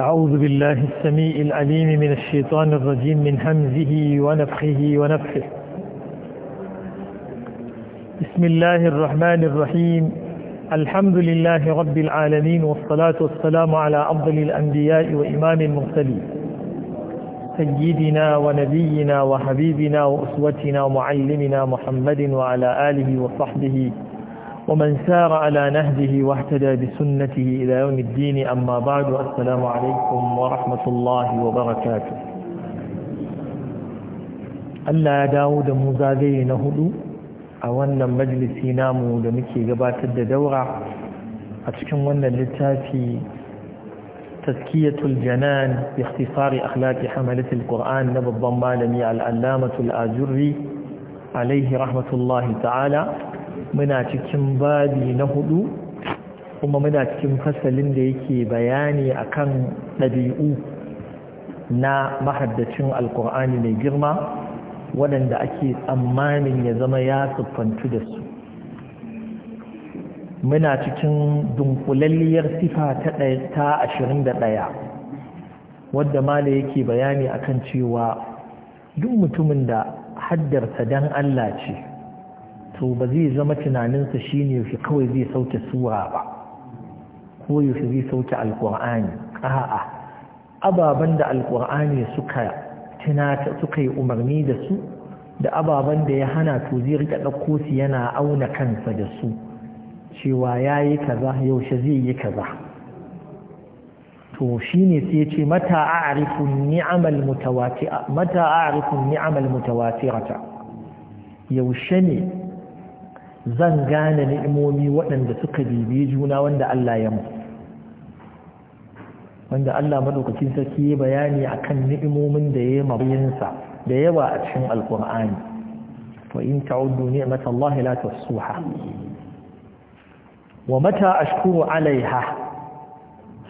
أعوذ بالله السميع العليم من الشيطان الرجيم من همزه ونفخه ونفخه بسم الله الرحمن الرحيم الحمد لله رب العالمين والصلاة والسلام على أفضل الأنبياء وإمام المرسلين سيدنا ونبينا وحبيبنا وأسوتنا ومعلمنا محمد وعلى آله وصحبه وسلم ومن سار على نهجه واهتدى بسنته إلى يوم الدين أما بعد السلام عليكم ورحمة الله وبركاته ألا داود مزاغي نهدو أولا مجلس نامو لمكي قبات الدورة أتكم ونا للتافي تزكية الجنان باختصار أخلاق حملة القرآن نبض ضمالني العلامة الآجري عليه رحمة الله تعالى muna cikin babi na hudu kuma muna cikin fasalin da yake bayani akan ɗabi'u na mahaddacin alkur'ani mai girma waɗanda ake tsammanin ya zama ya siffantu da su muna cikin dunkulalliyar sifa ta ashirin da ɗaya wadda mala yake bayani akan cewa duk mutumin da haddarsa dan Allah ce to ba zai zama tunaninsa shi ne yaushe kawai zai sauke sura ba ko yaushe zai sauke alkur'ani a'a ababen da alkur'ani suka tunata suka yi umarni da su da ababen da ya hana to zai rika ɗauko su yana auna kansa da su cewa ya yi kaza yaushe zai yi kaza to shi sai ce mata a ni'amal mutawatira mata a ni'amal mutawatira yaushe ne zan gane ni'imomi waɗanda suka bibi juna wanda Allah ya mu wanda Allah madaukakin sarki ya bayani akan ni'imomin da ya mabayinsa da yawa a cikin alkur'ani wa in ta'uddu ni'matallahi la tuhsuha wa mata ashkuru alaiha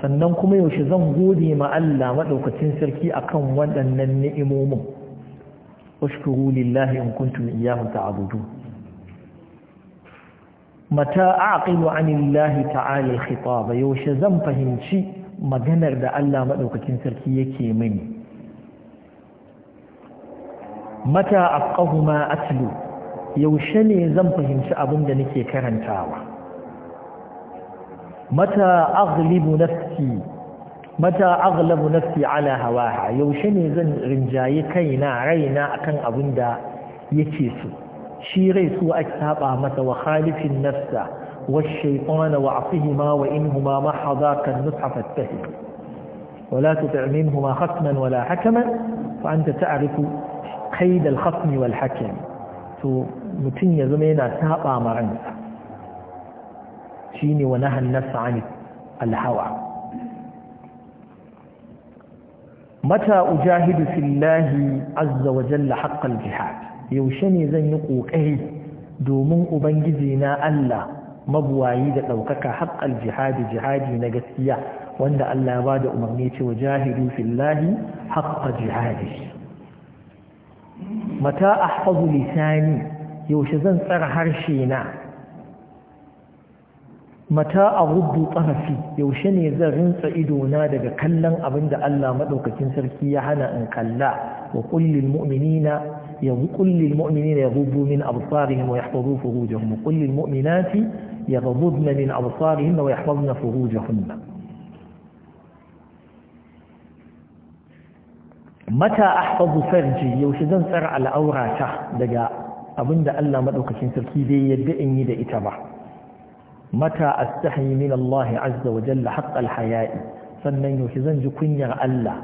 sannan kuma yaushe zan gode ma Allah madaukakin sarki akan waɗannan ni'imomin ashkuru lillahi in kuntum iyyahu ta'budun mata aqilu anillahi ta'ala al-khitaba yaushe zan fahimci maganar da Allah madaukakin sarki yake mini mata afqahu ma atlu yaushe ne zan fahimci abin da nake karantawa mata aghlibu nafsi mata aghlabu nafsi ala hawaha yaushe ne zan rinjaye kaina raina akan abin da yake so شيري سوى أجتاب أمت وخالف النفس والشيطان وعصهما وإنهما ما حضاك النصح فاتهم ولا تتع منهما خصما ولا حكما فأنت تعرف قيد الخصم والحكم تو متن يزمينا ساقا مرن شيني ونهى النفس عن الهوى متى أجاهد في الله عز وجل حق الجهاد yaushe ne zan yi ƙoƙari domin ubangiji na Allah mabuwayi da ɗaukaka haƙƙal jihadi jihadi na gaskiya wanda Allah ya da umarni cewa jahidu fillahi haqqa jihadi mata haɗu lisani yaushe zan tsara harshe na mata a rubu tsarafi yaushe ne zan rinsa ido na daga kallon abinda Allah madaukakin sarki ya hana in kalla wa qul mu'minina قل للمؤمنين يغضوا من أبصارهم ويحفظوا فروجهم وقل للمؤمنات يغضضن من أبصارهن ويحفظن فروجهن متى أحفظ فرجي يوشدن سرع الأورا شه دقاء دا ألا مدوكشين سركي دي يدئني دا إتبع متى أستحي من الله عز وجل حق الحياء فنن يوشدن جو كنير ألا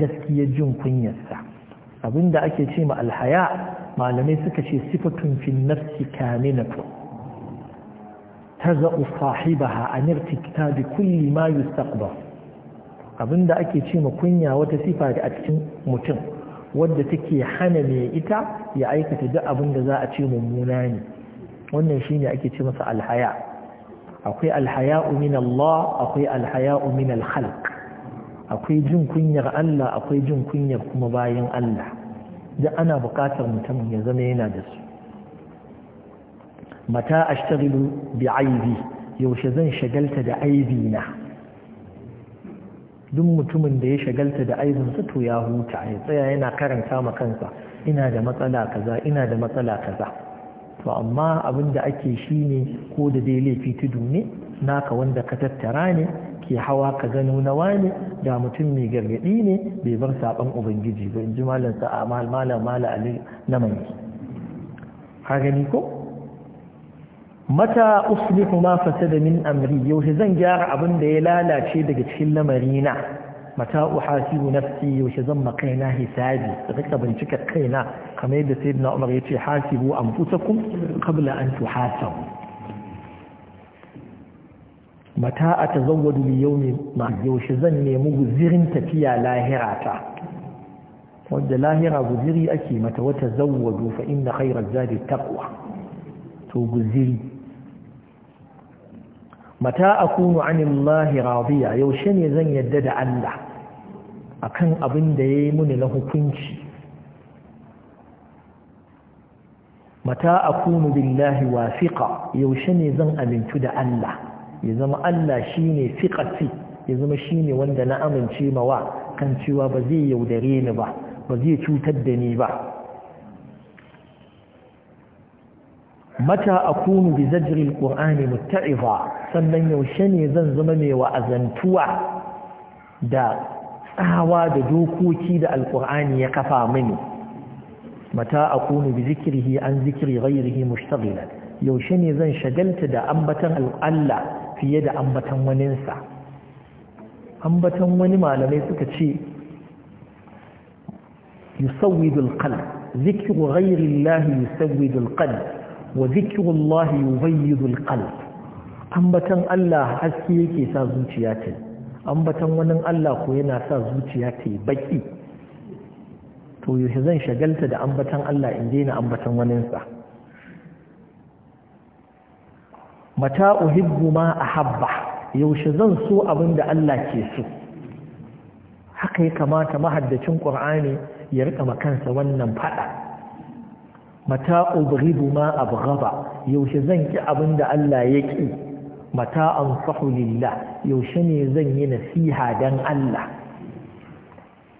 قسكي جن كنير السعب abinda ake ce ma alhaya malamai suka ce sifatun fi nafsi kamilatu taza'u sahibaha an irtikta bi kulli ma yustaqbal abinda ake ce ma kunya wata sifa a cikin mutum wadda take hana mai ita ya aikata duk abin da za a ce mummuna ne wannan shine ake ce masa alhaya akwai alhaya'u min Allah akwai alhaya'u min al-khalq akwai jin kunyar Allah akwai jin kunyar kuma bayan Allah da ana buƙatar mutum ya zama yana da su mata ashtaghilu bi aibi yaushe zan shagalta da aibi na duk mutumin da ya shagalta da su to ya huta ya tsaya yana karanta ma kansa ina da matsala kaza ina da matsala kaza to amma abin da ake shi ne ko da dai laifi tudu ne naka wanda ka tattara ne ke hawa ka gano na wani da mutum mai gargaɗi ne bai bar saɓan ubangiji ba in ji malam sa'a malam ali na mai ka gani ko mata uslihu ma da min amri yaushe zan gyara abin da ya lalace daga cikin lamari na mata uhasibu nafsi yaushe zan ma na hisabi rika bincika kaina kamar yadda sayyidina umar yace hasibu anfusakum qabla an tuhasabu mata a ta tazawwadu li yawmi ma yaushe zan nemi guzirin tafiya lahira ta wanda lahira guziri ake mata wata zawwadu fa inda khayra zadi taqwa to guziri mata akunu anillahi radiya yaushe ne zan yadda da Allah akan abin da ya yi muni na hukunci mata akunu billahi wafiqa yaushe ne zan amintu da Allah ya zama Allah shine fiqati ya zama shine wanda na amince mawa kan cewa ba zai yaudare ni ba ba zai cutar da ni ba mata akunu bi zajri alqur'ani mutta'ifa sannan yaushe ne zan zama mai wa'azantuwa da tsawa da dokoki da alqur'ani ya kafa mini mata akunu bi zikrihi an zikri ghairihi mushtaghila yaushe ne zan shagalta da ambatan Allah fiye da ambatan waninsa ambatan wani malamai suka ce yusawidul qalb zikru ghayri Allah qalb wa zikru Allah yubayyidul qalb ambatan Allah haske yake sa zuciya ta ambatan wani Allah ko yana sa zuciya ta baki to yaushe zan shagalta da ambatan Allah in daina ambatan waninsa mata uhibbu ma a habba yaushe zan so abin da Allah ke so haka ya kamata mahaddacin ƙur'ani ya rika makansa wannan faɗa mata ubghidu ma abghaba yaushe zan ki abin da Allah ya mata ansahu lillah yaushe ne zan yi nasiha dan Allah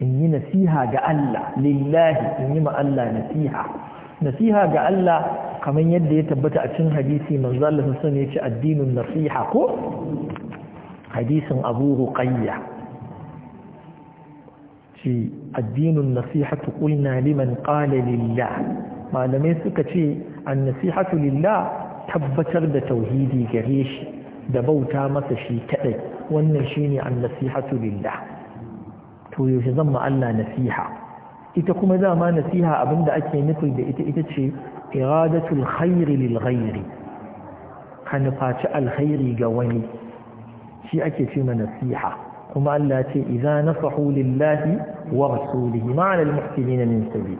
in yi nasiha ga Allah lillahi in yi ma Allah nasiha nasiha ga Allah kamar yadda ya tabbata a cikin hadisi manzo Allah sallallahu alaihi addinin nasiha ko hadisin Abu ruƙayya shi addinin nasiha qulna liman qala lillah malamai suka ce an-nasihatu lillah tabbatar da tauhidi gare shi da bauta masa shi kaɗai wannan shine an-nasihatu lillah to yaushe zan ma nasiha ita kuma dama nasiha abinda ake nufi da ita ita ce إرادة الخير للغير كان فاتح الخير قواني شيء كثير من نصيحة ثم التي إذا نصحوا لله ورسوله ما على المحسنين من سبيل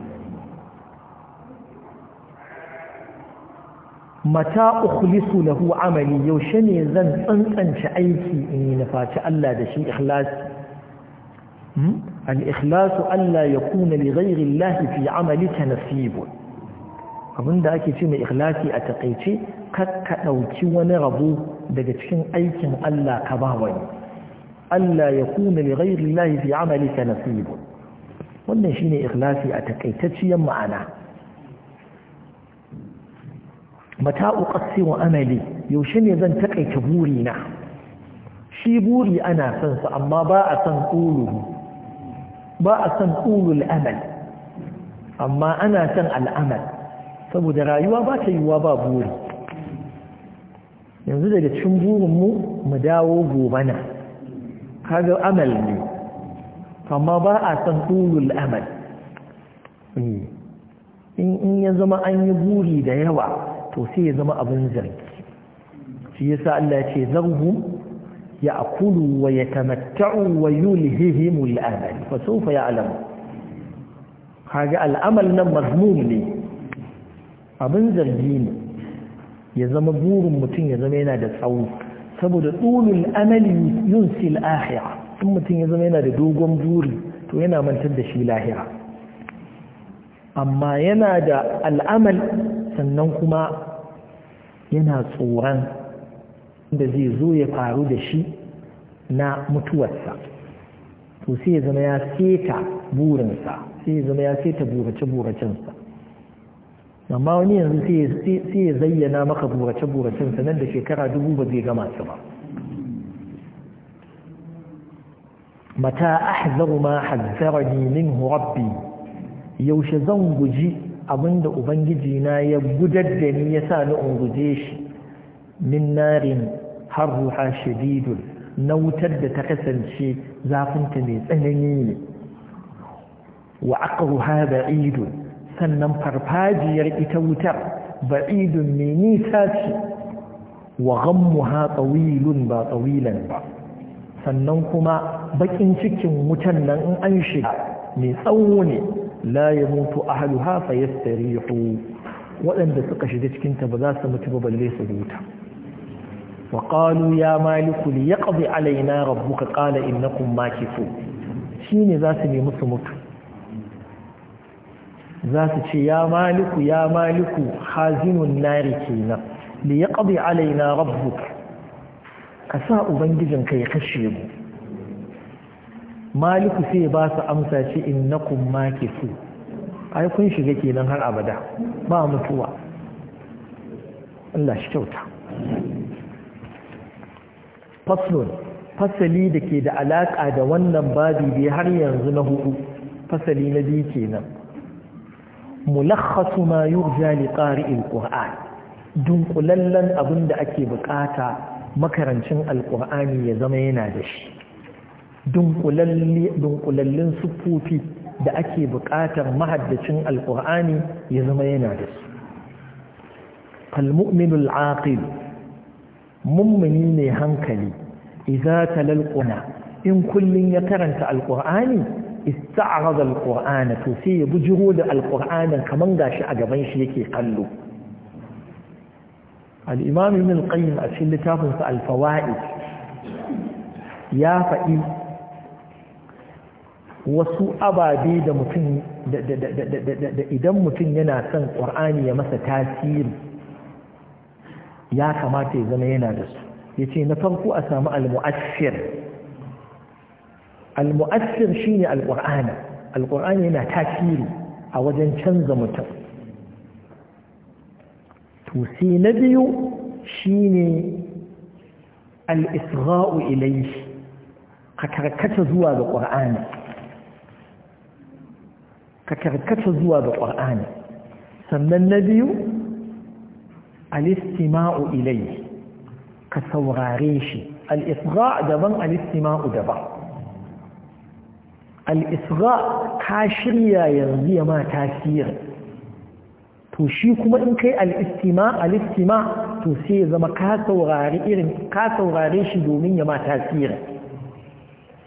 متى أخلص له عملي يوشني ذن أن أنت أيتي إني نفاتح ألا ده شيء إخلاص الإخلاص ألا يكون لغير الله في عملك نصيبه abinda ake ce mai ikhlasi a takaice kar ka ɗauki wani rabu daga cikin aikin Allah ka ba wani Allah ya kuna li ghairi Allah fi amalika nasibu wannan shine ikhlasi a takaitacciyar ma'ana mata uqassi wa amali yaushe ne zan takaita burina shi buri ana son sa amma ba a son qulu ba a son qulul amal amma ana son al'amal saboda rayuwa ba ta yiwuwa ba buri yanzu daga cikin burinmu mu dawo gobana kaga amal ne amma ba a san ɗulul amal eh, in ya zama an yi buri da yawa to sai ya zama abin zargi shi sa Allah ce zarhum ya akulu wa ya tamatta'u wa yulhihimul amal fa sawfa ya'lamu kaga al'amal nan mazmum ne abin zargi ne ya zama burin mutum ya zama yana da tsawo saboda amalin amali yunsil ahira in mutum ya zama yana da dogon buri to yana mantar da shi lahira amma yana da al'amal sannan kuma yana tsoron da zai zo ya faru da shi na mutuwarsa to sai ya zama ya seta burinsa sai ya zama ya seta burace-buracensa amma wani yanzu sai ya zayyana maka burace-buracen sanar da shekara dubu ba zai gama su ba mata ahzaru ma hazzarani min rabbi yaushe zan guji abinda ubangiji na ya gudar da ni ya sa ni in guje shi min narin harruha shadidun na wutar da ta kasance zafinta mai tsanani ne wa aqruha ba'idun sannan farfajiyar ita wutar ba'idun mai nisa ce wa ghammuha tsawilun ba tsawilan ba sannan kuma bakin cikin wutan nan in an shiga mai tsawo ne la ya mutu ahluha fa yastarihu waɗanda suka shiga cikin ta ba za su mutu ba balle su huta wa qalu ya maliku li yaqdi alaina rabbuka qala innakum makifun shine za su nemi su mutu za su ce ya maliku ya maliku hazinun nari kenan ya yaqdi alaina rabbu ka sa ubangijin ka ya kashe mu maliku sai ba su amsa ce innakum makifu ai kun shiga kenan har abada ba mutuwa Allah shi kyauta faslun fasali da ke da alaƙa da wannan babi bai har yanzu na hudu fasali na biyu kenan mulakhasu ma yurja li qari'il qur'an dunkulallen abin da ake bukata makarancin alqur'ani ya zama yana da shi dunkulallin sufufi da ake bukatar mahaddacin alqur'ani ya zama yana da su falmu'minul aqil mummuni ne hankali idza talal in kullun ya karanta alqur'ani ista'arada alqur'ana to sai ya bujiro da kamar ga shi a gaban shi yake kallo al-imam ibn a cikin littafinsa sa ya faɗi wasu ababe da mutum da idan mutum yana son ƙur'ani ya masa tasiri ya kamata ya zama yana da su yace na farko a samu al-mu'assir المؤثر شيء القرآن القرآن هنا تاثير أو شنز متر توسي نبي شيني الإصغاء إليه ككركت زوا القرآن ككركت زوا القرآن سمى النبي الاستماع إليه كثوراريشي الإصغاء دبن الاستماع دبن al'isra ka shirya yanzu ya ma tasiri to shi kuma in kai al'istima al'istima to sai ya zama ka saurari irin ka saurare shi domin ya ma tasiri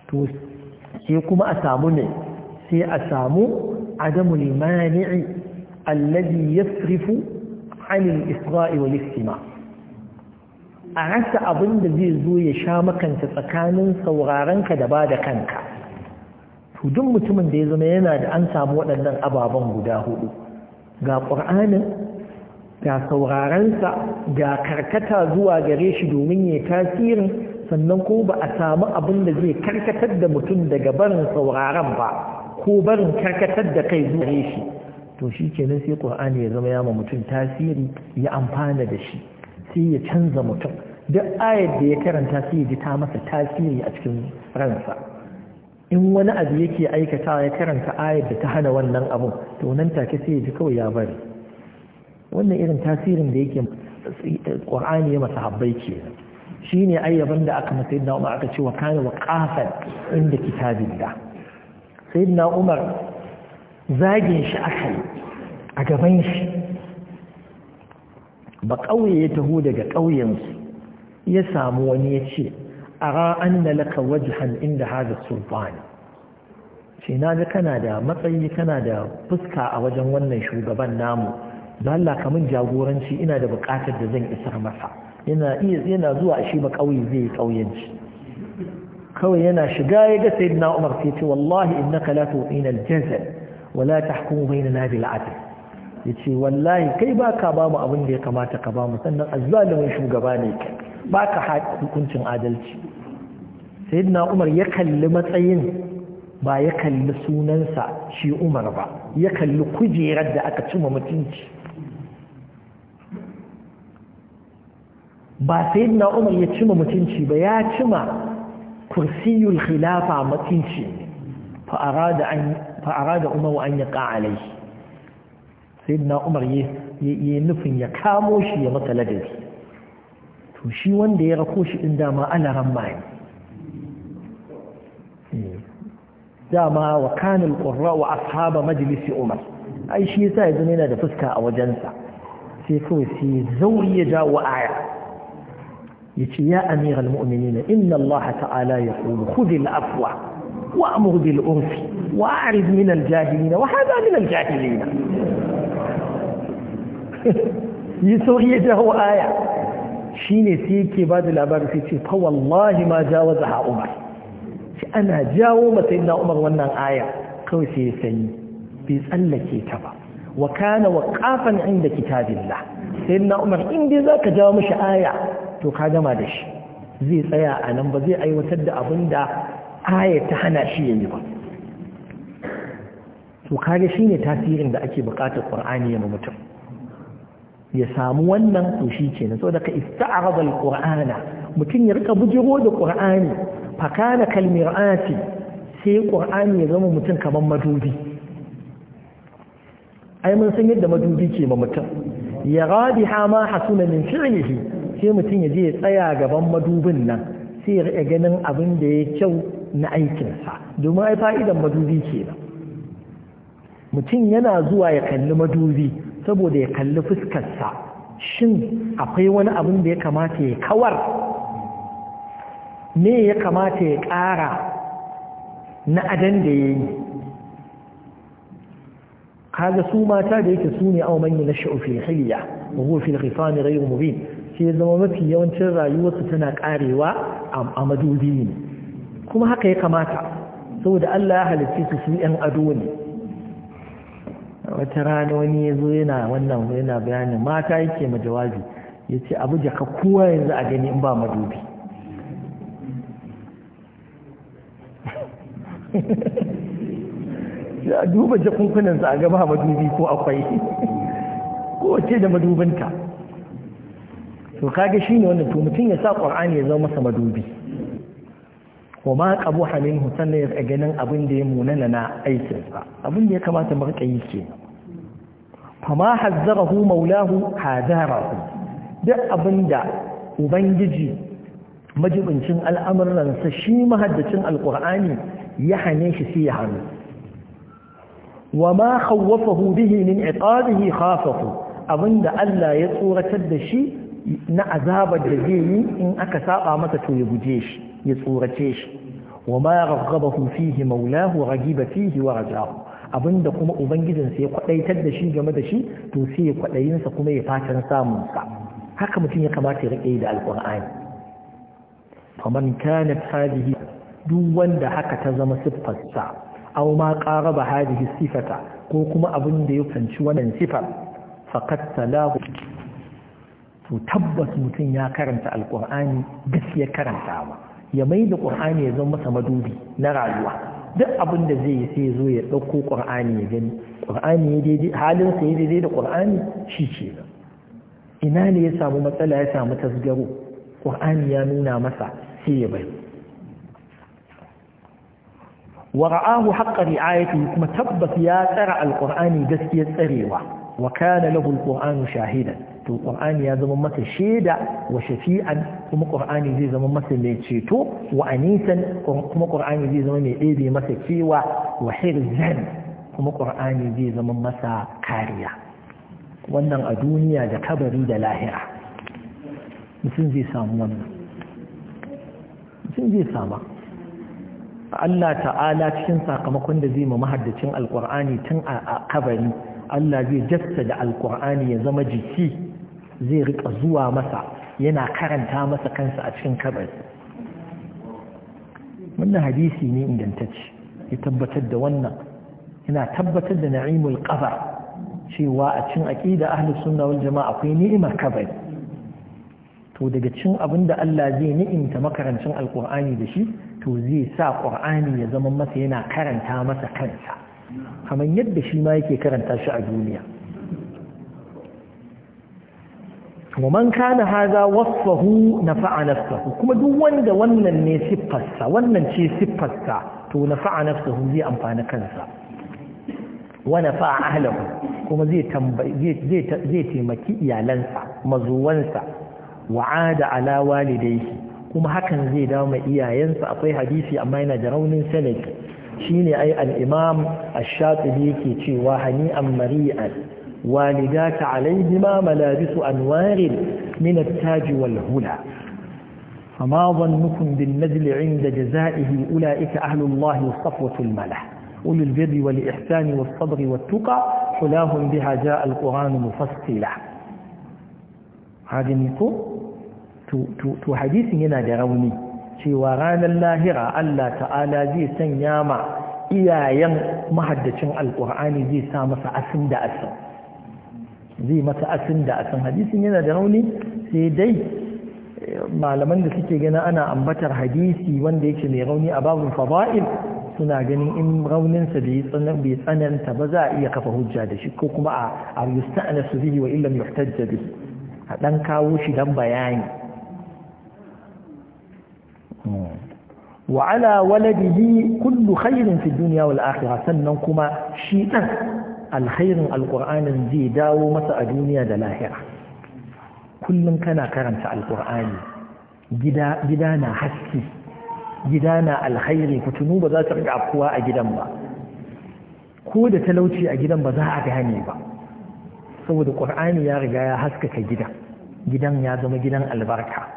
to sai kuma a samu ne sai a samu adamu limani'i allazi yasrifu anil isra'i wal istima a rasa abin da zai zo ya sha makanta tsakanin sauraranka da ba da kanka to duk mutumin da ya zama yana da an samu waɗannan ababen guda hudu ga ƙur'anin ga saurarensa ga karkata zuwa gare shi domin ya tasirin sannan ko ba a samu abin da zai karkatar da mutum daga barin sauraren ba ko barin karkatar da kai zuwa gare shi to shi kenan sai ƙur'ani ya zama yama mutum tasiri ya amfana da shi sai ya canza mutum duk ayar da ya karanta sai ya ji ta masa tasiri a cikin ransa in wani abu yake aikata ya karanta ayar da ta hana wannan abun to nan take sai ya ji kawai ya bari wannan irin tasirin da yake qur'ani ya masa habbai ke shine ayyaban da aka masa Sayyidina Umar aka ce wa kana wa qafan inda sayyidina Umar zagin shi akai a gaban shi ba kauye ya taho daga kauyen su ya samu wani ya ce ara anna laka wajhan inda hadha sultan shi na ga kana da matsayi kana da fuska a wajen wannan shugaban namu don Allah kamun jagoranci ina da bukatar da zan isar masa yana iya yana zuwa shi ba kauye zai kauyanci kawai yana shiga ya ga sayyidina Umar sai ce wallahi innaka la tu'ina al-jazal wa la tahkumu bainana bil adl yace wallahi kai baka ba abin da ya kamata ka bamu sannan azzalimin shugaba ne kai ba ka hukuncin adalci sayyidina umar ya kalli matsayin ba ya kalli sunansa shi umar ba ya kalli kujerar da aka cima mutunci ba sayyidina umar ya cima mutunci ba ya cima kursiyul khilafa mutunci fa'ara da umar an ya ƙa'alai sayyidina umar ya nufin ya kamo shi ya masa ladabi to shi wanda ya rako shi din dama ana ramma dama wa kanil qurra wa ashab majlis umar ai shi yasa yanzu yana da fuska a wajensa sai kawai sai zauri ya jawo aya yace ya amir amiral mu'minina inna allaha ta'ala yaqulu al afwa wa amur bil urfi wa arid min al jahilin wa hada min al jahilin yi sauri ya jawo aya Shi ne sai yake ba da labarin sai ce fa wallahi ma jawaza ha umar shi ana jawo masa na umar wannan aya kawai sai ya sanyi bai tsallake ta ba wa kana waqafan inda Sai na umar in za zaka jawo mashi aya to ka gama da shi zai tsaya a nan ba zai aiwatar da abin da aya ta hana shi yayi ba to shine tasirin da ake bukatar qur'ani ya mutum ya samu wannan to shi na saboda ka ista'arada alqur'ana mutum ya rika bujiro da qur'ani fakana ati sai qur'ani ya zama mutum kaman madubi ai mun san yadda madubi ke ma mutum ya radiha ma hasuna min fi'lihi sai mutum ya je ya tsaya gaban madubin nan sai ya ganin abin da ya kyau na aikinsa domin ai fa'idan madubi kenan mutum yana zuwa ya kalli madubi saboda ya kalli fuskarsa shin akwai wani abin da ya kamata ya kawar me ya kamata ya ƙara na adan da ya yi kaga su mata da yake su ne a manyan na sha'ufin hiliya wa da ghifani ghayr mubin sai zama mafi yawancin rayuwarsu tana karewa a madubi ne kuma haka ya kamata saboda Allah ya halitta su su yan ado ne wata rana wani ya zo yana wannan yana bayanin mata yake ma jawabi ya ce abu ka kowa yanzu a gani in ba madubi ya duba jakunkunansa a gaba madubi ko akwai kowace da madubinta to kage shi ne wannan to mutum ya sa ƙwar'ani ya zama masa madubi wa ma qabuha minhu sannan ya ganin abin da ya munana na aikinsa abin da ya kamata marka rika yi kenan fama hu maulahu hu. duk abinda ubangiji majibincin al'amuransa shi mahaddacin alkur'ani ya hane shi sai ya hannu wa ma khawwafahu bihinin min iqabihi khafahu abinda Allah ya tsoratar da shi na azabar da zai yi in aka saba masa to ya guje shi ya tsorace shi wa ma raghabahu fihi maulahu raghiba fihi wa rajahu abinda kuma ubangijin sai kwadaitar da shi game da shi to sai ya kwadayin sa kuma ya fatan samun sa haka mutum ya kamata ya rike da alqur'ani faman kanat hadhihi duk wanda haka ta zama siffarsa aw ma qaraba hadhihi sifata ko kuma abinda ya fanci wannan sifar faqad salahu to tabbas mutum ya karanta alkur'ani karanta ba ya mai da ƙur'ani ya zama masa madubi na rayuwa duk abin da zai yi sai zo ya ɗauko ƙur'ani ya gani ƙur'ani ya daidai sa ya daidai da ƙur'ani shi ce ba ina ne ya samu matsala ya samu tasgaro ƙur'ani ya nuna masa sai ya bai wa ra'ahu haqqa ri'ayati kuma tabbas ya tsara alqur'ani gaskiyar tsarewa wa kana lahu alqur'anu shahidan to qur'ani ya zama masa shaida wa shafi'an kuma qur'ani zai zama masa mai ceto wa anisan kuma qur'ani zai zama mai ɗebe masa cewa, wa hirzan kuma qur'ani zai zama masa kariya wannan a duniya da kabari da lahira mutum zai samu wannan mutum zai sama Allah ta'ala cikin sakamakon da zai ma mahaddacin alkur'ani tun a kabari Allah zai da alkur'ani ya zama jiki zai rika zuwa masa yana karanta masa kansa a cikin kabari wannan hadisi ne ingantacce ya tabbatar da wannan yana tabbatar da na'imul qabar cewa a cikin aqida ahlus sunna wal jamaa akwai ni'imar kabari to daga cikin abinda Allah zai ni'imta makarancin alqur'ani da shi to zai sa qur'ani ya zama masa yana karanta masa kansa kamar yadda shi ma yake karanta shi a duniya wa man kana haza wasfahu nafa'a nafsahu kuma duk wanda wannan ne siffarsa wannan ce siffarsa to nafa'a nafsahu zai amfana kansa wa nafa'a ahlahu kuma zai taimaki iyalansa mazuwansa wa ada ala walidayhi kuma hakan zai dawo mai iyayensa akwai hadisi amma yana da raunin sanadi shine ai al-imam ash-shatibi yake cewa hani'an mari'an والداك عليهما ملابس أنوار من التاج والهلى فما ظنكم بالنزل عند جزائه أولئك أهل الله وصفوة الملا أولي البر والإحسان والصبر والتقى حلاهم بها جاء القرآن مفصلا هذه نقول to hadisin yana da rauni cewa ألا تعالى Allah ta'ala zai sanya ma القرآن mahaddacin سامس zai sa zai masa asin da asin hadisin yana da rauni sai dai eh, malaman da suke ganin ana ambatar hadisi wanda yake mai rauni a babin fada'il suna ganin in rauninsa bai tsananta ba za a iya kafa hujja da shi ko kuma a yusta'ana su bihi wa illam yuhtajja jabi? a dan kawo shi dan bayani hmm. wa ala waladihi kullu khairin fi dunya wal akhirah sannan kuma shi dan alhairin alƙur'anin zai dawo masa a duniya da lahira kullum kana karanta alƙur'ani gida na haske gida na alkhairi kutunu ba za ta riga afkuwa a gidan ba ko da talauci a gidan ba za a gane ba saboda ƙur'ani ya riga ya haskaka gidan gidan ya zama gidan albarka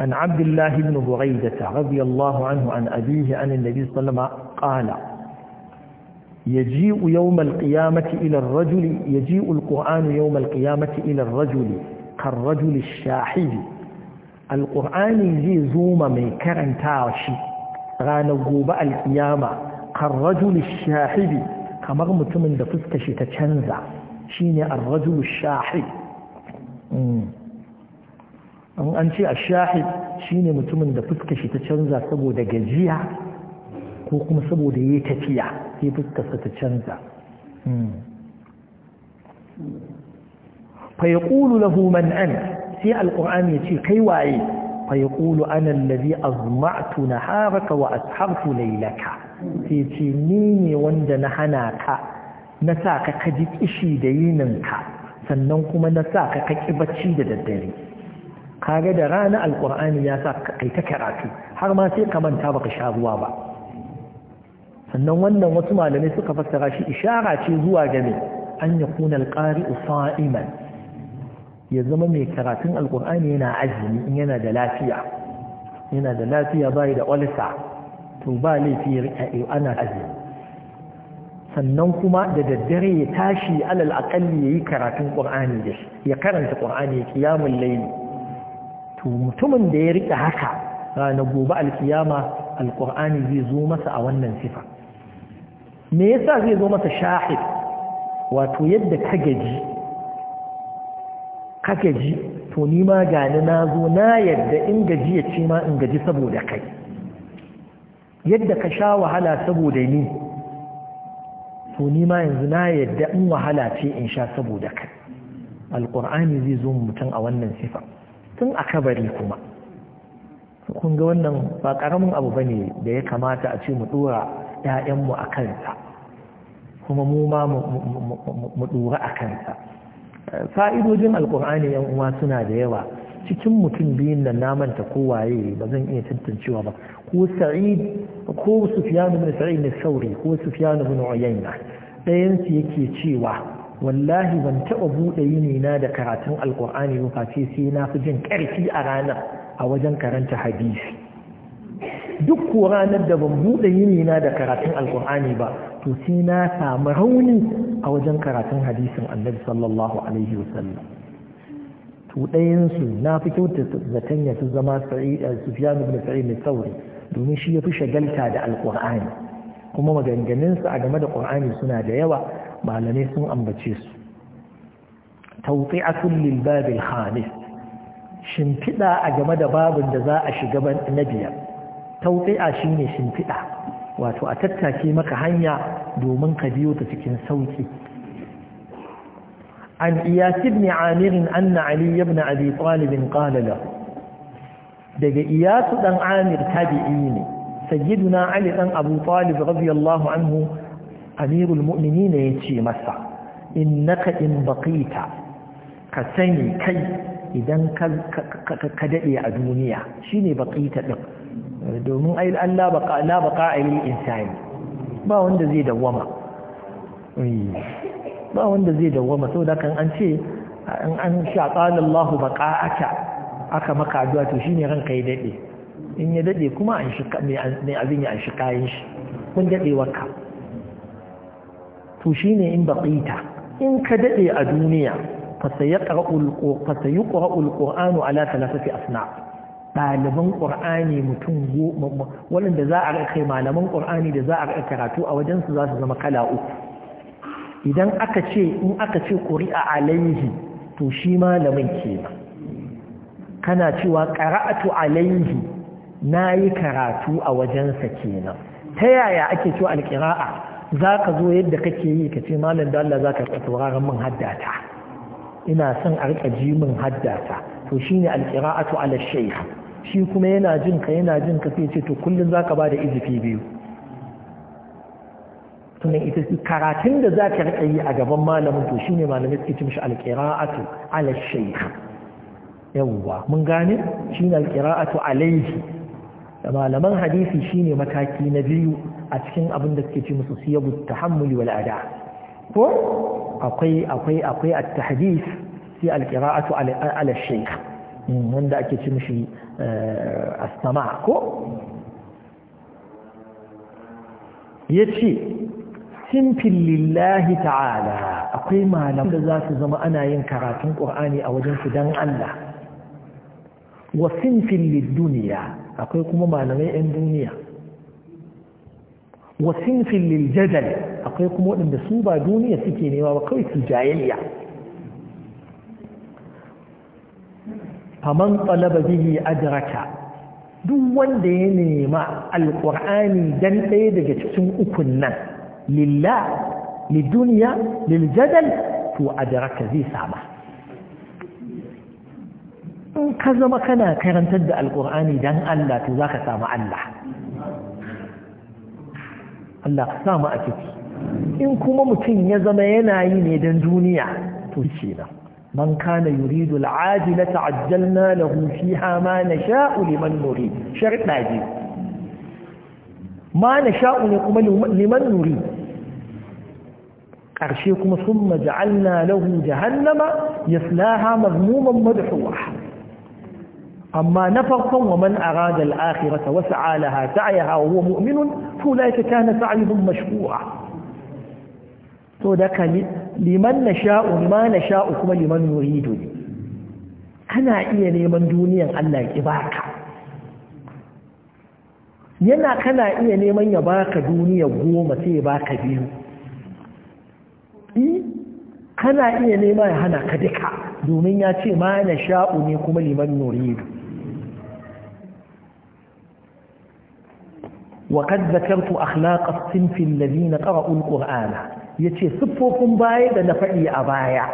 An Abdullahi الله بن بريدة رضي anhu an عن an عن النبي صلى يجيء يوم القيامة إلى الرجل يجيء القرآن يوم القيامة إلى الرجل كالرجل الشاحب القرآن زي زوم من كرن تاوشي غانا قوباء القيامة كالرجل الشاحب كمغم تمن دفسكش تتشنزع شين الرجل الشاحب an ce a shahid shine mutumin da fuskar shi ta canza saboda gajiya ko kuma saboda ya tafiya sai fuskarsa ta canza hmm. fa yaqulu lahu man ana sai alqur'ani ya ce kai waye fa yaqulu ana allazi azma'tu naharaka wa ashabtu laylaka sai ce ni ne wanda na hana ka na sa ka kaji kishi da yininka sannan kuma na sa ka kaki bacci da daddare kaga da rana alqur'ani ya sa kai ta karatu har ma sai ka manta baka sha ruwa ba sannan wannan wasu malamai suka fassara shi ishara ce zuwa game an ya kuna alƙari sa'iman ya zama mai karatun alƙur'ani yana azumi in yana da lafiya yana da lafiya bai da olisa to ba laifi eh, ana azumi sannan kuma da daddare ya tashi alal aƙalli ya yi karatun ƙur'ani da shi ya karanta ƙur'ani ya kiyamun laili to mutumin da ya riƙe haka ranar gobe alkiyama alƙur'ani zai zo masa a wannan sifa me yasa zai zo masa shahid wato yadda ka gaji ka gaji to ni ma gani na zo na yadda in gaji ya ce ma in gaji saboda kai yadda ka sha wahala saboda ni to ni ma yanzu na yadda in wahala ce in sha saboda kai alƙur'ani zai zo mutum a wannan sifa tun a kabari kuma kun ga wannan ba ƙaramin abu bane da ya kamata a ce mu ɗora ‘ya'yanmu a kansa kuma mu ma mu ɗura a kansa fa'idojin alƙur'ani ‘yan uwa suna da yawa cikin mutum biyun nan namanta kowaye ba zan iya tantancewa ba ko su fiya sufiyanu bin sa'id ne sauri ko sufiyanu bin ɗayan su yake cewa wallahi ban taɓa buɗe yini na da karatun alƙur'ani ba sai na fi jin ƙarfi a ranar a wajen karanta hadisi duk ko ranar da ban buɗe yini na da karatun alkur'ani ba to sai na samu rauni a wajen karatun hadisin annabi sallallahu alaihi wasallam to ɗayan su na fi kyauta zaton ya su zama eh, sufiyan ibn sa'id mai sauri domin shi ya fi shagalta da alkur'ani kuma maganganunsu a game da qur'ani suna da yawa malamai sun ambace su tawqi'atun lil babil khamis shimfiɗa a game da babin da za a shiga na biyar tauti'a shi ne shimfiɗa wato a tattake maka hanya domin ka biyo ta cikin sauki an iya sibni amirin an na aliyu abin abin daga iya su ɗan amir tabi'i ne sayyiduna ali ɗan abu ƙwalib radiyallahu anhu amirul mu'mini ne ya ce masa in naka in baƙita ka sani kai idan ka daɗe a duniya shi ne baƙita ɗin domin ai an la baqa la baqa lil insani ba wanda zai dawwama ba wanda zai dawwama saboda kan an ce an an sha qala Allahu baqa'aka aka maka addu'a to ne ranka ya dade in ya dade kuma an shi mai abin ya an shi kayan shi kun dade waka to shi ne in baqita in ka dade a duniya fa sayqra'u al-qur'anu ala thalathati asna' ɗaliban ƙur'ani mutum waɗanda za a kai malaman ƙur'ani da za a karatu a wajensu za su zama kala uku idan aka ce in aka ce ƙuri'a alaihi to shi malamin ke kana cewa ƙara'atu alaihi na yi karatu a wajensa kenan ta yaya ake cewa alƙira'a za ka zo yadda kake yi ka ce malam da Allah za ka tauraron min haddata ina son a rika ji min haddata to shine alƙira'atu ala shaykh shi kuma yana jin ka yana jin ka sai ce to kullum za ka ba da izifi biyu tunan ita karatun da za ka riƙa yi a gaban malamin to shine malamin suke cin shi alƙira'atu ala shaykh yawwa mun gane shi shine alƙira'atu alaihi da malaman hadisi shine mataki na biyu a cikin abin da suke ce musu siyabu tahammuli wal ada ko akwai akwai akwai at-tahdith sai al-qira'atu ala al wanda ake ci mishi eh, astama ko ya ce simfin lillahi ta'ala akwai malam da za su zama ana yin karatun ƙur'ani a wajen su don Allah wa simfin lilduniya akwai kuma malamai 'yan duniya wa simfin liljadal akwai kuma waɗanda su ba duniya suke nema ba kawai su jayayya faman talaba bihi ajraka duk wanda ya nema alqur'ani dan ɗaya daga cikin ukun nan lillah lidunya liljadal to ajraka zai sama in ka zama kana karantar da alqur'ani don Allah to za samu Allah Allah ka samu a ciki in kuma mutum ya zama yana yi ne dan duniya to shi nan من كان يريد العاجلة عجلنا له فيها ما نشاء لمن نريد شرط ناجي ما نشاء لمن نريد أرشيكم ثم جعلنا له جهنم يسلاها مذموما مدحوة أما نفرقا ومن أراد الآخرة وسعى لها سعيها وهو مؤمن فأولئك كان سعيهم مشكورا to da ka liman na sha'u ma na sha'u kuma liman nuri ne kana iya neman duniyan Allah ki baka yana kana iya neman ya baka duniya goma sai ya baka biyu eh, kana iya nema ya hana ka duka domin ya ce ma na sha'u ne kuma liman nuri وقد ذكرت أخلاق الصنف الذين قرأوا القرآن ya ce siffofin baya da na faɗi a baya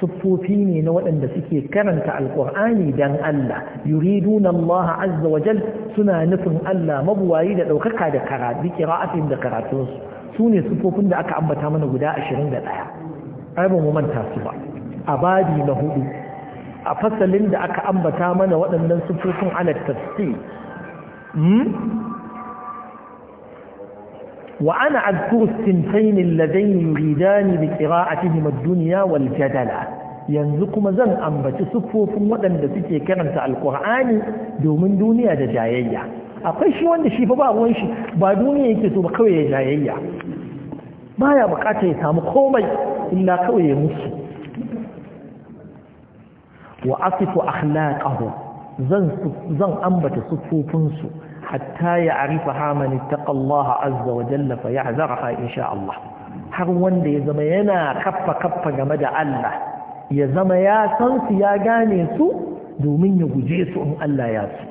siffofi ne na waɗanda suke karanta alƙur'ani don Allah yuriduna Allah azza wa jal suna nufin Allah mabuwayi da ɗaukaka da karatu kira'atin da karatunsu su ne siffofin da aka ambata mana guda 21 ai ba mu manta su ba a babi na hudu a fasalin da aka ambata mana waɗannan siffofin ala tafsir hmm? Wa'ana ana adkuru sintaini Ridani yuridani bi qira'atihima ad-dunya wal yanzu kuma zan ambaci sufofin waɗanda suke karanta alqur'ani domin duniya da jayayya akwai shi wanda shi fa ba ruwan shi ba duniya yake so ba kawai ya jayayya baya bukatar ya samu komai illa kawai ya mutu wa asifu akhlaqahu zan zan ambata sufofin su, su, hatta ya arifa hamani taqallaha azza wa jalla fa yahzarha insha Allah har wanda ya zama yana kaffa kaffa game da Allah ya zama ya san su ya gane su domin ya guje su in Allah ya su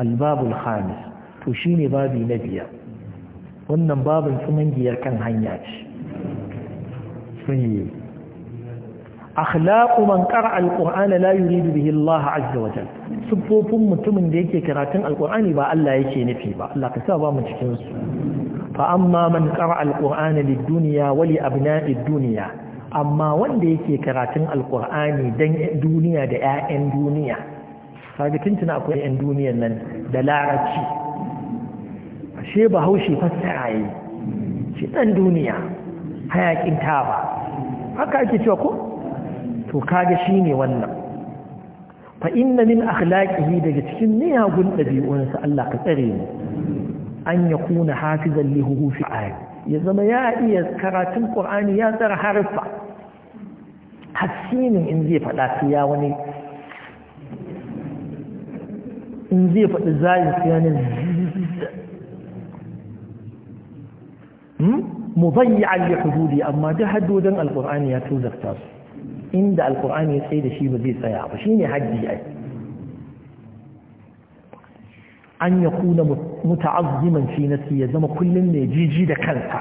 albabul khamis to shine babi na biyar wannan babin tsumangiyar kan hanya ce akhlaqu man qara'a alqur'ana la yuridu bihi Allah azza wa jalla siffofin mutumin da yake karatun alqur'ani ba Allah yake nufi ba Allah ka sa ba mu cikin su fa amma man qara'a alqur'ana lid wa li abna'i dunya amma wanda yake karatun alqur'ani dan duniya da 'ya'yan duniya kaga tuntuna akwai ƴan duniyan nan da larabci ashe bahaushe fassara yi shi dan duniya hayakin ba haka ake cewa ko to kage shine wannan fa inna min akhlaqihi daga cikin gun dabi'un sa Allah ka tsare ni an ya kuna hafizan li hufi ay ya zama ya iya karatun Qur'ani ya tsara harfa hassinin in zai fada su ya wani in zai fada zai su ya ne mubayyi li hududi amma da haddodan alqur'ani ya tozarta su inda alkur'ani ya sai da shi ba zai tsaya ba ne hajji ai an ya kuna muta'azziman fi nafsi ya zama kullum mai jiji da kansa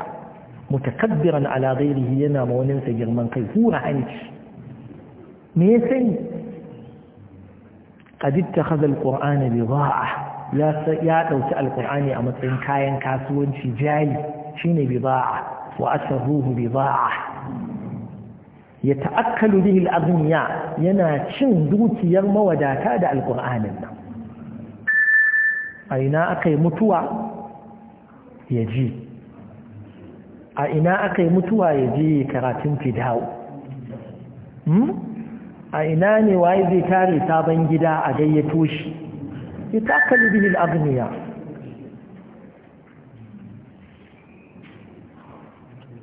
mutakabbiran ala ghairihi yana ma wani sa girman kai hura hanci me ya sani qad ittakhadha alqur'ana bidha'a ya ya dauki alqur'ani a matsayin kayan kasuwanci jali shine bidha'a wa asarruhu bidha'a ya ta'akkalu bihi al yana cin dukiyar mawadata da alqur'anin nan a ina akai mutuwa ya ji a ina akai mutuwa ya karatun fida'u hmm? a ina ne waye zai tare sabon gida a gayyato shi ya ta'akkalu bihi al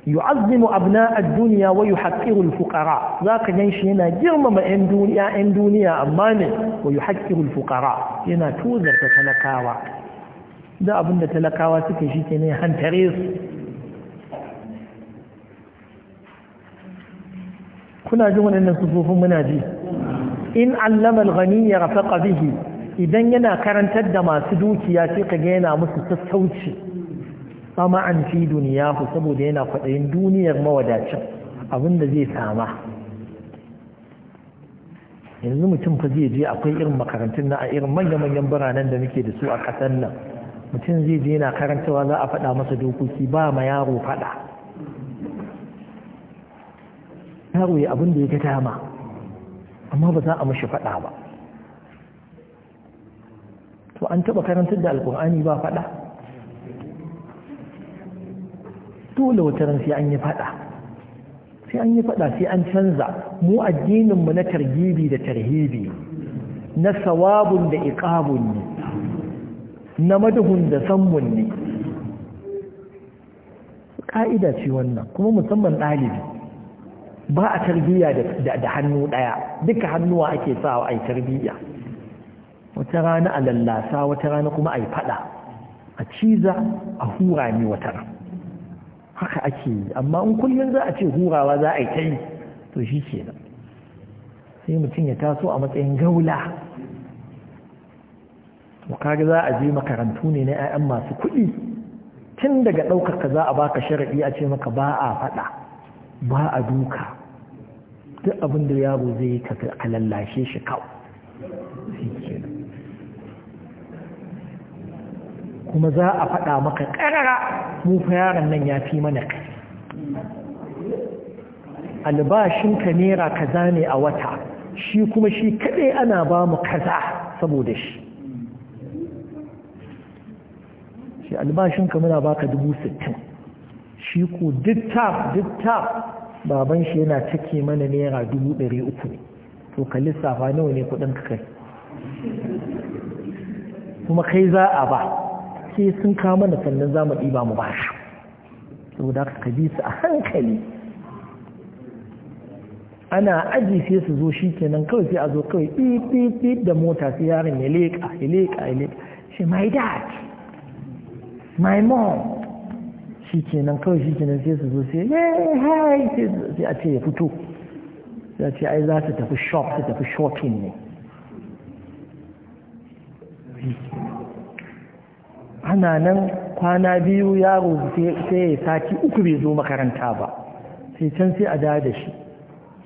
yu'azzimu abna ad-dunya wa yuhaqqiru al-fuqara zaka ganshi yana girmama ƴan duniya ƴan duniya amma ne wa yuhaqqiru al-fuqara yana tuzarta talakawa da abinda talakawa suke shi kenan hantare kuna wannan muna ji in allama al ya rafaqa bihi idan yana karantar da masu dukiya sai kaga yana musu sassauci an fi ku saboda yana kwaɗayin duniyar mawadacin abin da zai sama yanzu mutum fa zai je akwai irin makarantun na a irin manya-manyan biranen da muke da su a ƙasar nan mutum zai je yana karantawa za a faɗa masa dokoki ba ma yaro faɗa yaro ya abin da ya ga dama amma ba za a mashi faɗa ba to an taɓa karantar da alƙur'ani ba faɗa dole wata ran sai an yi fada sai an yi fada sai an canza mu addinin mu na targibi da tarhibi na sawabun da iqabun ne na maduhun da sammun ne ka'ida ce wannan kuma musamman ɗalibi ba a tarbiyya da hannu ɗaya duka hannuwa ake sawa a yi tarbiyya wata rana a lallasa wata rana kuma a yi faɗa a ciza a hura ne wata rana haka ake yi amma in kullum za a ce hurawa za a yi ta yi to shi ke nan sai mutum ya taso a matsayin gaula to kaga za a je makarantu ne na 'ya'yan masu kuɗi tun daga ɗaukaka za a baka sharaɗi a ce maka ba a faɗa ba a duka duk abin da yaro zai yi ka lallashe shi kawai kuma za a faɗa maka ƙarara mu fa yaron nan ya fi mana kai albashinka nera kaza ne a wata shi kuma shi kaɗai ana ba mu kaza saboda shi shi albashinka muna baka dubu sittin shi ku dittaf baban shi yana cike mana nera dubu ɗari uku to ka lissafa nawa ne kuɗin ka kai kuma kai za a ba sai sun kawo mana sannan za mu ɗiba mu ba shi saboda ka bi su a hankali ana aji sai su zo shi kenan kawai sai a zo kawai ɗiɗiɗi da mota sai yaron ya leƙa ya leƙa ya leƙa shi my dad my mom shi kenan kawai shi kenan sai su zo sai hey sai a ce ya fito sai a ce ai za su tafi shop su tafi shopping ne ana nan kwana biyu yaro sai ya sati uku bai zo makaranta ba sai can sai a da shi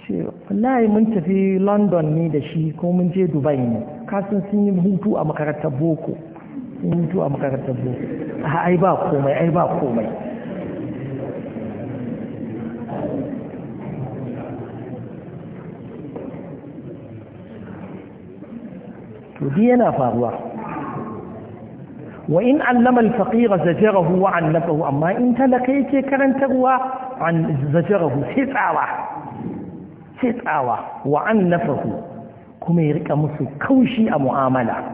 ce wallahi mun tafi london ne da shi ko mun je dubai ne kasan sun yi hutu a makarantar boko sun hutu a makarantar boko ai ba komai ai ba komai to yana faruwa wa in allama alfaqira zajarahu wa allafahu amma in talaka yake karantarwa an zajarahu sai tsawa sai tsawa wa allafahu kuma ya rika musu kaushi a mu'amala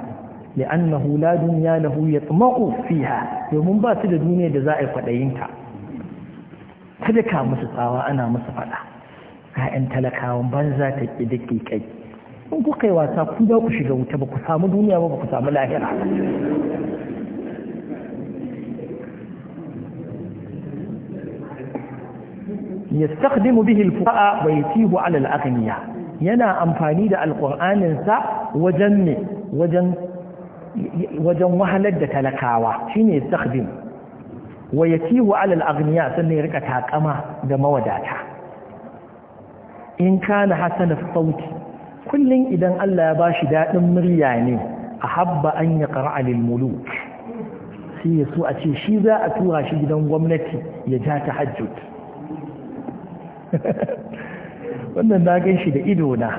li'annahu la dunya lahu yatma'u fiha domin ba su da duniya da za a yi yinta talaka musu tsawa ana musu fada ƴaƴan talakawan banza ta ƙi kai in kuka wasa ku za ku shiga wuta ba ku samu duniya ba ba ku samu lahira yastakhdimu bihi al-fuqaha wa yatihu 'ala al-aghniya yana amfani da alqur'anin sa wajen ne wajen wajen wahalar da talakawa shine yastakhdim wa yatihu 'ala al-aghniya sannan ya rika takama da mawadata in kana hasana sauti kullum idan Allah ya bashi daɗin murya ne ahabba an yaqra'a lil-muluk sai ya so a ce shi za a tura shi gidan gwamnati ya ja tahajjud wannan na gan shi da ido na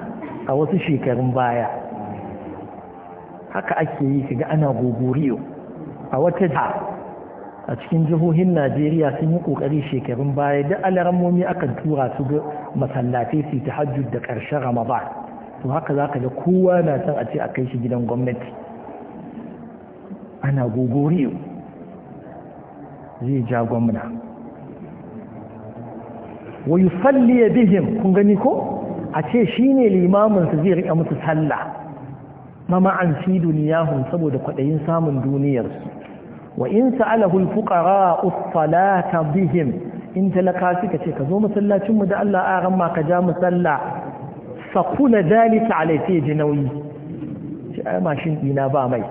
a wasu shekarun baya haka ake yi ga ana gogoriyo a wata da a cikin jihohin najeriya sun yi kokari shekarun baya da alarammomi akan tura su ga masallatai su ta hajjud da ƙarshen ramadan to haka za ka ga kowa na san a ce a kai shi gidan gwamnati ana gogoriyo zai ja gwamna wa yusalli bihim kun gani ko a ce shi ne su zai riƙa musu sallah mama an fi duniyahum saboda kwaɗayin samun duniyarsu wa in sa'alahu al-fuqara as-salata bihim in talaka ka ce ka zo masallacin mu da Allah a ran ma ka ja mu sallah faqula dalika alayhi ji nauyi shi ai mashin dina ba mai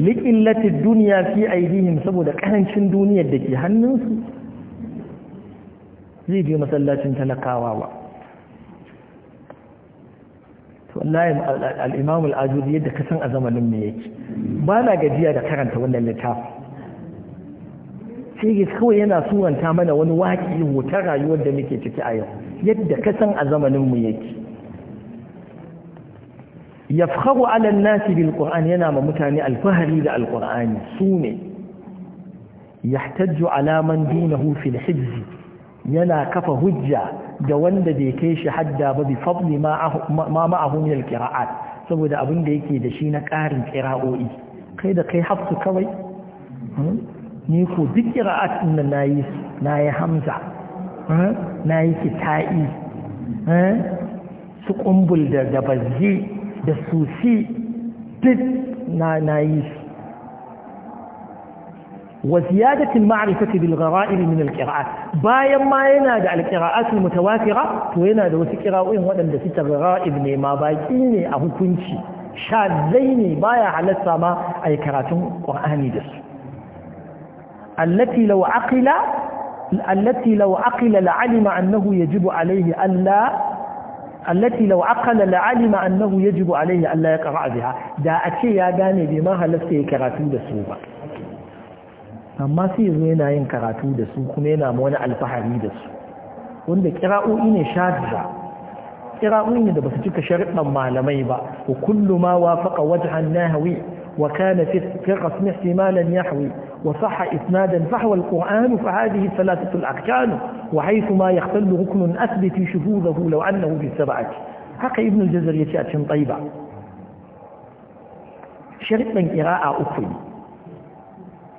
liqillati dunya fi aidihim saboda karancin duniyar da ke hannunsu zai je masallacin talakawa ba wallahi al-imam yadda ka san a zamanin me yake ba na gajiya da karanta wannan littafi sai kawai yana suranta mana wani waƙi wutar rayuwar da muke ciki a yau yadda ka san a zamanin mu yake yafkharu ala an-nasi bil yana ma mutane alfahari da alqur'ani sune Ya ala alaman dunahu fil hizb yana kafa hujja da wanda bai kai shi hadda ba bi fadli ma ma'ahu min alqira'at saboda abin da yake da shi na ƙarin qira'o'i kai da kai hafsu kawai hmm? ni ko duk qira'at din nan nayi nayi hamza hmm? nayi kita'i hmm? su kumbul da da bazzi da susi duk na nayi وزيادة المعرفة بالغرائب من القراءات بايا ما ينادى على القراءات المتواترة وينادى وسكراء وإن لست غرائب ما بايتيني أهو كنشي شاذيني بايا على السماء أي كراتون قرآني دس التي لو عقل التي لو عقل لعلم أنه يجب عليه ألا التي لو عقل لعلم أنه يجب عليه ألا يقرأ بها دا أكي يا داني بما هلسته كراتون دسوبة amma sai yanzu yana yin karatu da su kuma yana ma wani alfahari da su wanda kira'o'i ne shadda kira'o'i ne da ba su cika sharuɗan malamai ba wa kullu ma wafaqa wajhan nahwi wa kana fi qasmi ihtimalan yahwi wa sahha isnadan fa huwa alquran fa hadhihi thalathatu alaqtan wa haythu ma yahtallu ruknun athbit shuhudahu law annahu bi sab'ati haka ibn al-jazari yace a cikin tayyiba sharuɗan kira'a uku ne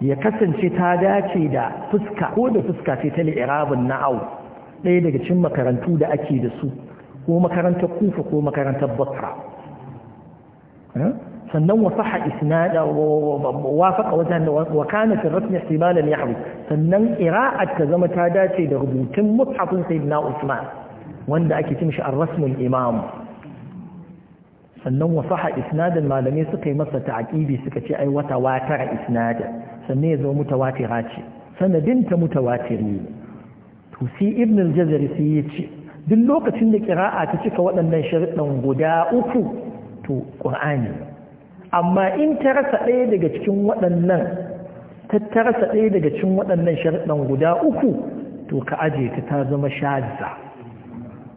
ya kasance ta dace da fuska ko da fuska ce ta li'irabin na'au ɗaya daga cikin makarantu da ake da su ko makarantar kufa ko makarantar basra eh? sannan wasaha isnada wa kana fi rasmi yahwi sannan qira'at ta zama ta dace da rubutun mushafin sayyidina Usman wanda ake cin shi ar-rasmul imam sannan malamai suka yi masa takibi suka ce ai wata watar isnada sannan ya zama mutawatira ce sanadinta mutawatiri ne to sai ibn al sai ya ce duk lokacin da kira'a ta cika waɗannan sharuɗan guda uku to qur'ani amma in ta rasa ɗaya daga cikin waɗannan ta ɗaya daga cikin waɗannan sharuɗan guda uku to ka aje ta ta zama shazza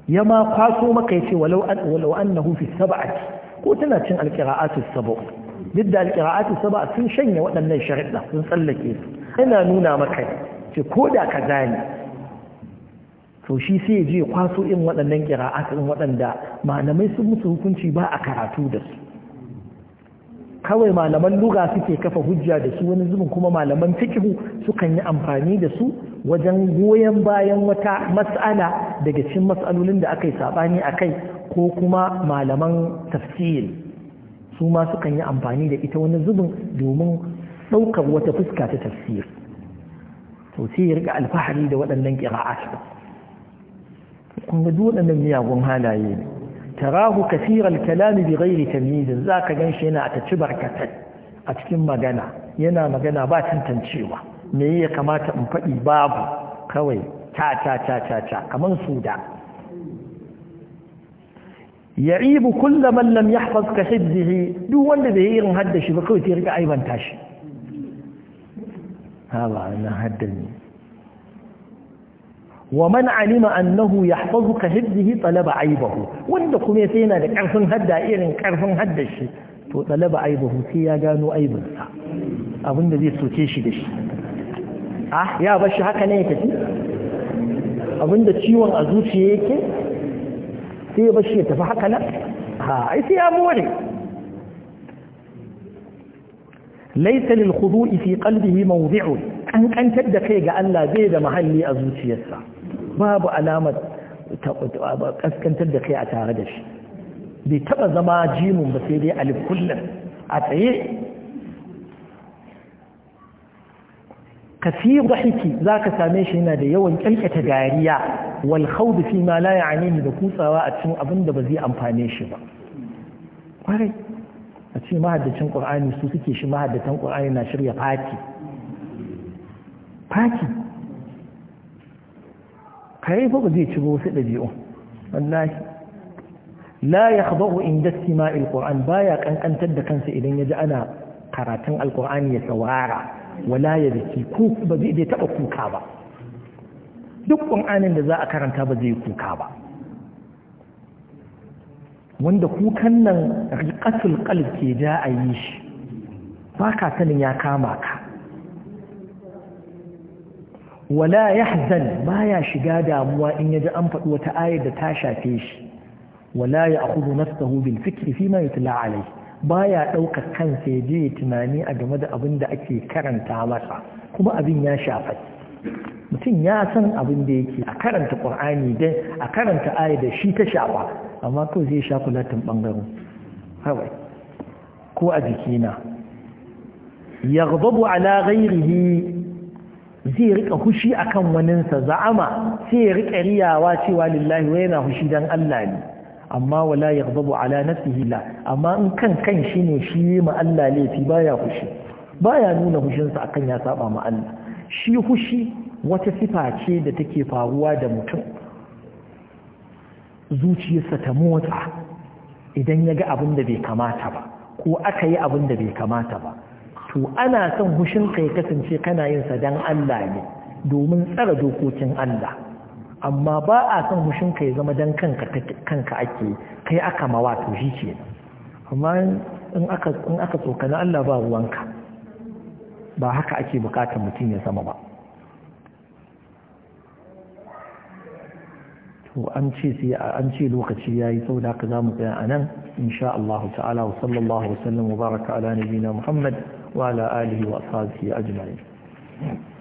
ya ma kwaso maka ya ce walau annahu fi sab'ati ko tana cin alqira'atu sab'u duk da alƙira'atu saba sun shanya waɗannan shari'a sun tsallake su yana nuna maka ce ko da ka gani. to shi sai ya je kwaso in waɗannan ƙira'atu in waɗanda malamai sun musu hukunci ba a karatu da su kawai malaman lura suke kafa hujja da su wani zubin kuma malaman fikihu sukan yi amfani da su wajen goyon bayan wata matsala daga cikin matsalolin da aka yi saɓani a kai ko kuma malaman tafsir su ma sukan yi amfani da ita wani zubin domin ɗaukar wata fuska ta tafsir to sai ya riga alfahari da waɗannan ƙira'a kun ga duk waɗannan miyagun halaye ne tarahu kasiral kalami bi ghairi tamyizin za ka gan shi yana a taci barkatai a cikin magana yana magana ba tantancewa me ya kamata in faɗi babu kawai ta ta ta ta ta kamar su da ya'ibu kullu man lam yahfaz ka hizbihi duk wanda bai irin hadda shi ba kawai ta rika aibanta shi ha ba na haddan ne wa man alima annahu yahfazu ka hizbihi talaba aibahu wanda kuma sai yana da karfin hadda irin karfin hadda shi to talaba aibahu sai ya gano aibinsa abinda zai soke shi da shi ah ya bar shi haka ne ya tafi abinda ciwon a zuciya yake في بشير تفحك لا ها ايسي اموري ليس للخضوع في قلبه موضع ان ان تبدا كي قال لا زيد محلي ازوتيسا باب علامه تقد اسكن تبدا كي اتاردش بتبقى زما جيم بس دي الف كله اتيه kasiru haiki za ka same shi yana da yawan kyalkyata dariya wal khawd fi ma la ya'nini da a cikin abin da ba zai amfane shi ba a cikin mahaddacin qur'ani su suke shi mahaddatan qur'ani na shirya fati fati kai ba zai ci ba wasu dabi'u wallahi la yakhdahu inda istima'il qur'an baya kankantar da kansa idan ya ji ana karatun alqur'ani ya saurara wala ya biki ko ba zai bai taɓa kuka ba duk ƙun'anin da za a karanta ba zai kuka ba wanda kukan nan riƙatul ƙalb ke ja a yi shi ba ka sanin ya kama ka wala ya hazan ba ya shiga damuwa in ya ji an faɗi wata ayar da ta shafe shi wala ya akudu nasahu bil fikri fi ma yutla alai baya ɗaukar kansa ya je ya tunani a game da abin da ake karanta masa kuma abin ya shafa mutum ya san abin da yake a karanta ƙur'ani dai a karanta aya da shi ta shafa amma ko zai shafa latin ɓangaren kawai ko a jikina ya gababu ala ghairihi zai rika hushi akan waninsa za'ama sai ya rika riyawa cewa lillahi wai yana hushi dan Allah ne amma wala ya yaghdabu ala nafsihi la amma in kan kan shi ne shi ma Allah laifi baya hushi baya nuna hushinsa akan ya saba ma Allah shi hushi wata sifa ce da take faruwa da mutum zuciyarsa ta motsa idan ya ga abin da bai kamata ba ko aka yi abin da bai kamata ba to ana son hushinka ya kasance kana yin sa dan Allah ne domin tsara dokokin Allah amma ba a son hushinka ya zama don kanka ake kai aka mawa to shi ke amma in aka tsokani Allah ba ruwanka ba haka ake bukatar mutum ya zama ba to an ce sai an ce lokaci yayi saboda haka zamu tsaya anan insha Allah ta'ala wa sallallahu wa wa baraka ala na Muhammad wa ala alihi wa ashabihi ajma'in